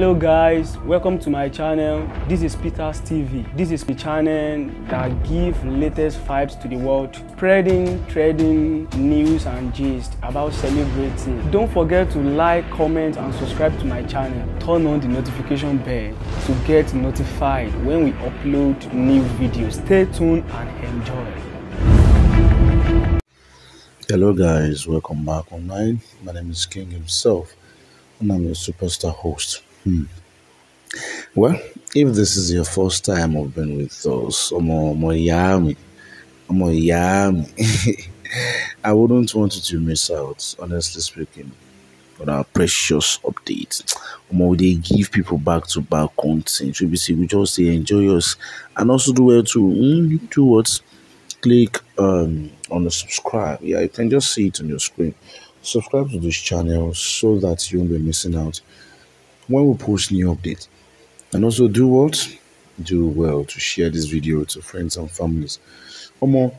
hello guys welcome to my channel this is peters tv this is the channel that give latest vibes to the world spreading trading news and gist about celebrating don't forget to like comment and subscribe to my channel turn on the notification bell to get notified when we upload new videos stay tuned and enjoy hello guys welcome back online my name is king himself and i'm your superstar host Hmm. Well, if this is your first time of being with us, I wouldn't want you to miss out, honestly speaking, on our precious update. more they give people back to back content. We see, we just say enjoy us and also do well to hmm, do what? Click um, on the subscribe. Yeah, you can just see it on your screen. Subscribe to this channel so that you won't be missing out when we post new updates. And also do what? Do well to share this video to friends and families. Omo,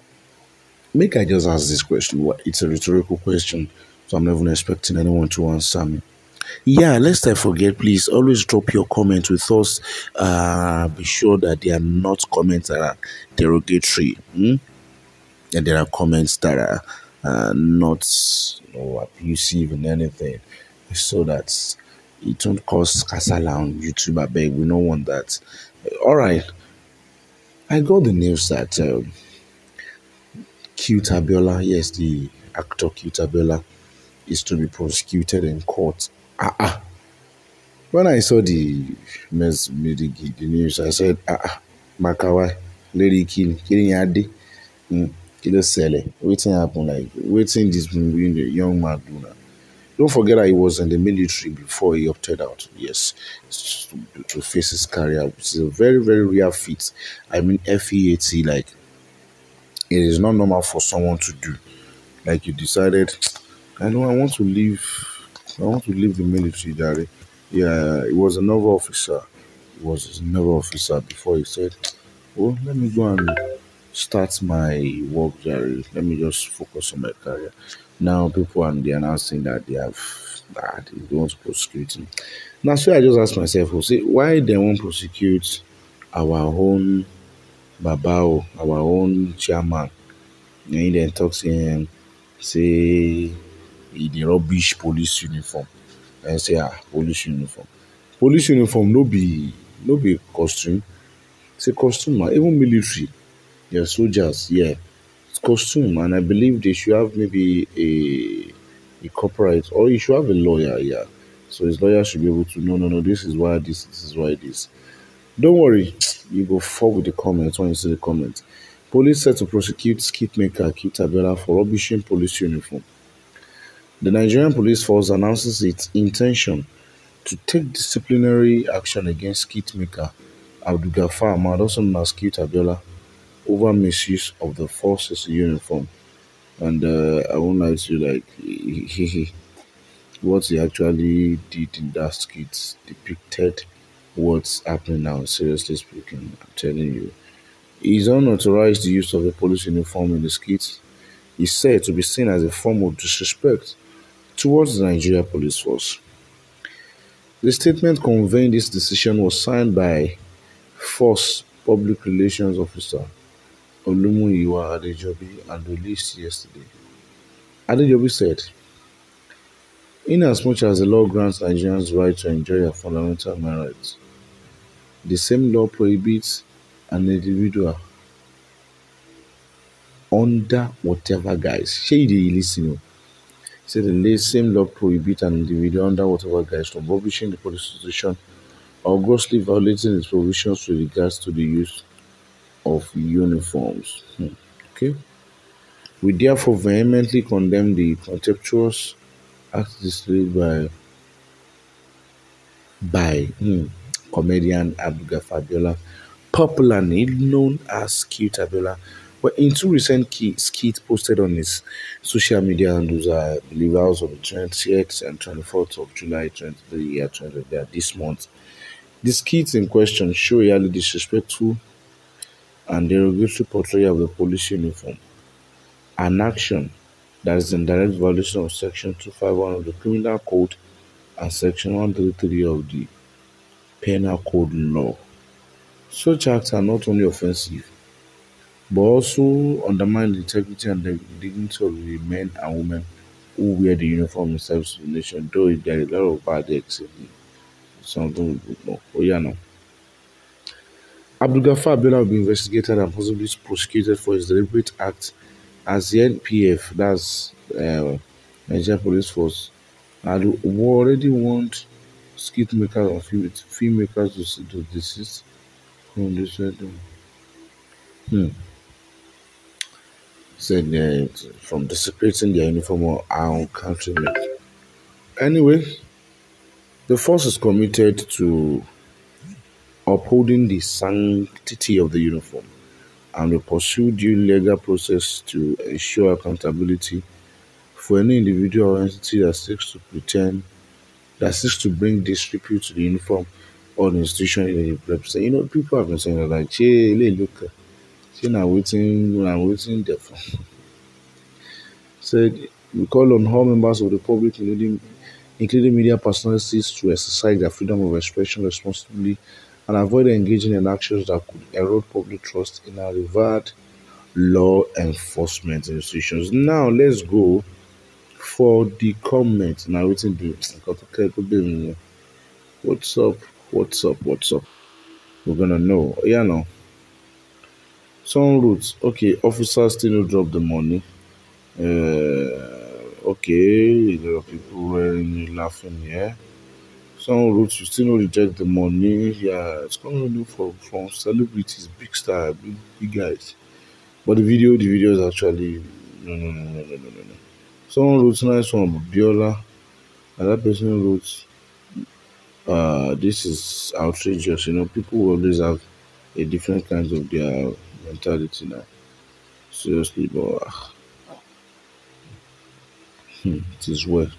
make I just ask this question. What? It's a rhetorical question, so I'm not even expecting anyone to answer me. Yeah, lest I forget, please always drop your comments with us. Uh, be sure that they are not comments that are derogatory, hmm? and there are comments that are uh, not you know, abusive and anything, so that it don't cause kasala on YouTube. I beg, we don't want that. Uh, all right, I got the news that um, Q Tabiola, yes, the actor Q Tabiola, is to be prosecuted in court. Ah, ah. When I saw the mess, the, the news, I said, ah, ah, Makawa, Lady King, Killing Yadi, Kilo Sele, waiting happen like, waiting this young man do now. Don't forget that he was in the military before he opted out. Yes, to, to face his career, which is a very, very rare feat. I mean, FEAT, like, it is not normal for someone to do. Like, you decided, I know I want to leave, I want to leave the military, daddy. Yeah, he was a naval officer. He was a naval officer before he said, well, oh, let me go and start my work diary. Let me just focus on my career. Now people are they announcing that they have that ah, they don't prosecute him. Now so I just ask myself, oh, say why they won't prosecute our own Babao, our own chairman. And he talk, talks in say the um, rubbish police uniform. And say ah police uniform. Police uniform no be no be costume. Say costume even military. they soldiers, yeah. It's costume, and I believe they should have maybe a a corporate or you should have a lawyer, yeah. So his lawyer should be able to no, no, no. This is why this. This is why this. Don't worry, you go forward the comments when you see the comments. Police set to prosecute skipmaker Kitabela for rubbishing police uniform. The Nigerian Police Force announces its intention to take disciplinary action against maker Abdulgafar Ahmad, also known as Kitabela, over misuse of the forces uniform. And uh, I won't lie to you, like, what he actually did in that skit depicted what's happening now, seriously speaking. I'm telling you. His unauthorized use of the police uniform in the skit is said to be seen as a form of disrespect towards the Nigeria Police Force. The statement conveying this decision was signed by Force Public Relations Officer Olumuyiwa Adejobi and released yesterday. Adejobi said, Inasmuch as the law grants Nigerians right to enjoy their fundamental rights, the same law prohibits an individual under whatever guise. Shady, listen. Said the same law prohibits an individual under whatever guise from publishing the constitution or grossly violating its provisions with regards to the use of uniforms. Hmm, okay? We therefore vehemently condemn the contemptuous acts displayed by by hmm, comedian Abdulga Fabiola, popularly known as Cute Abiola. Well, in two recent key, skit posted on his social media those I believe I was on the 28th and 24th of July 23, year 20, this month. The skits in question show really disrespectful and derogatory portrayal of the police uniform, an action that is in direct violation of Section 251 of the Criminal Code and Section 133 of the Penal Code law. Such acts are not only offensive, but also undermine the integrity and the dignity of the men and women who wear the uniform in service to the nation, though there are a lot of bad acts in Something we don't know. Oh, yeah, no. Abdel Gafar Abiola will be investigated and possibly prosecuted for his deliberate act as the NPF, that's uh, Nigerian Police Force, had already warned skit makers and film, filmmakers to, to desist from this. Uh, hmm. Said uh, from dissipating their uniform or our countrymen. Anyway, the force is committed to upholding the sanctity of the uniform, and we pursue due legal process to ensure accountability for any individual or entity that seeks to pretend that seeks to bring disrepute to the uniform or the institution the represents. You know, people have been saying that like, hey, look, saying i waiting, I'm waiting there for. Said we call on all members of the public, including including media personalities, to exercise their freedom of expression responsibly and avoid engaging in actions that could erode public trust in our revered law enforcement institutions. Now, let's go for the comment. Now, it's in the what's up, what's up, what's up. We're gonna know, oh, yeah, no. Some routes, okay. Officers still drop the money. Uh, okay, there are people wearing laughing here. Yeah? Some road you still no reject the money. Yeah, it's coming look for from celebrities, big star, big, big guys. But the video, the video is actually no, no, no, no, no, no, no. Someone wrote nice from Biola. Another person wrote, uh, "This is outrageous." You know, people always have a different kinds of their mentality now. Seriously, but uh, hmm, it is well.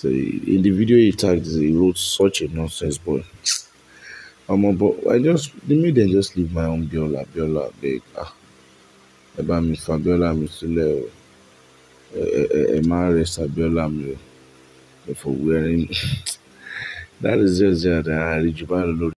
So in the video he tagged, he wrote such a nonsense, but a but I just they me then just leave my own Biola, Biola, big ah, about me Fabiola, mi sílẹ̀ o, ẹ má arrest Abiola mi o, for wearing. that is just there that I read you